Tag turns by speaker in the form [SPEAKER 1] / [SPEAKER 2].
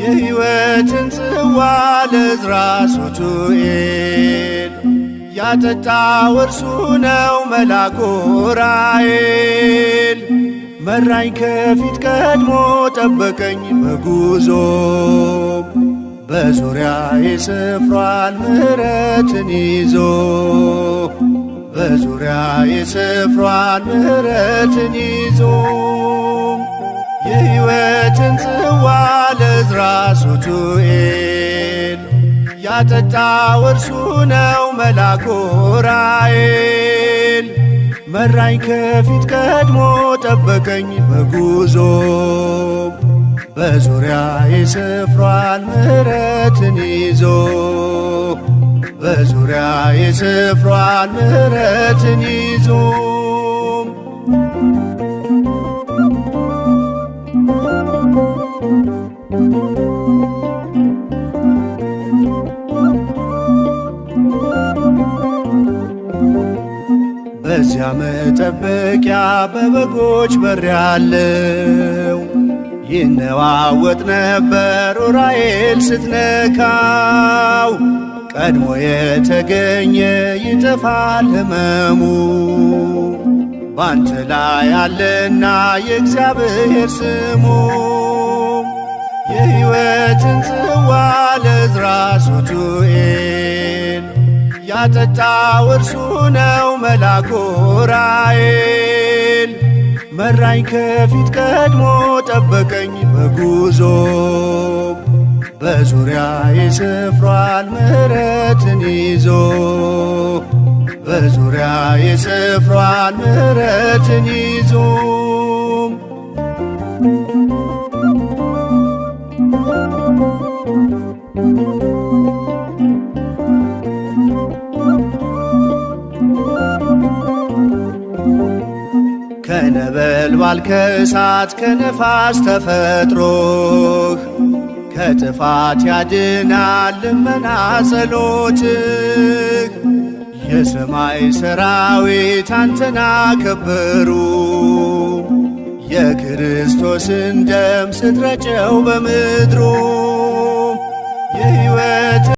[SPEAKER 1] የሕይወትን ጽዋ ለዕዝራ ሱቱኤል ያጠጣው እርሱ ነው መልአኩ ኡራኤል። መራኝ ከፊት ቀድሞ ጠበቀኝ በጉዞ በዙሪያ የስፍሯን ምሕረትን ይዞ በዙሪያ የስፍሯን ምሕረትን ይዞ የሕይወትን ጽዋ ለዕዝራ ሱቱኤል ያጠጣ እርሱ ነው መልአኩ ኡራኤል። መራኝ ከፊት ቀድሞ ጠበቀኝ በጉዞ በዙሪያ የስፍሯን ምሕረትን ይዞ በዙሪያ የስፍሯን ምሕረትን ይዞ
[SPEAKER 2] በዚያ መጠበቂያ በበጎች በር ያለው ይነዋወጥ ነበር ዑራኤል ስትነካው ቀድሞ የተገኘ ይጠፋል ህመሙ ባንተ ላይ አለና የእግዚአብሔር ስሙ የሕይወትን ጽዋ ለዕዝራ ሱቱኤል ያጠጣው እርሱ ነው መልአኩ ራኤል መራኝ ከፊት ቀድሞ ጠበቀኝ በጉዞ በዙሪያ ይስፍሯል ምሕረትን ይዞ በዙሪያ ይስፍሯል ምሕረትን ይዞ
[SPEAKER 3] ከነበልባል ከእሳት ከነፋስ ተፈጥሮህ ከጥፋት ያድናል ልመና ጸሎትህ። የሰማይ ሰራዊት አንተን አከበሩ የክርስቶስን ደም ስትረጨው በምድሩ የሕይወት